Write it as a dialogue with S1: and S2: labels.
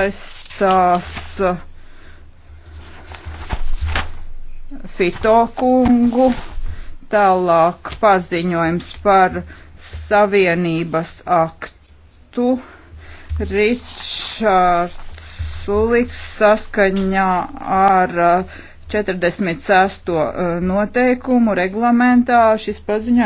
S1: aizstās uh, Fito kungu, tālāk paziņojums par savienības aktu. Ričards Suliks saskaņā ar 46. Uh, uh, noteikumu reglamentā šis paziņojums.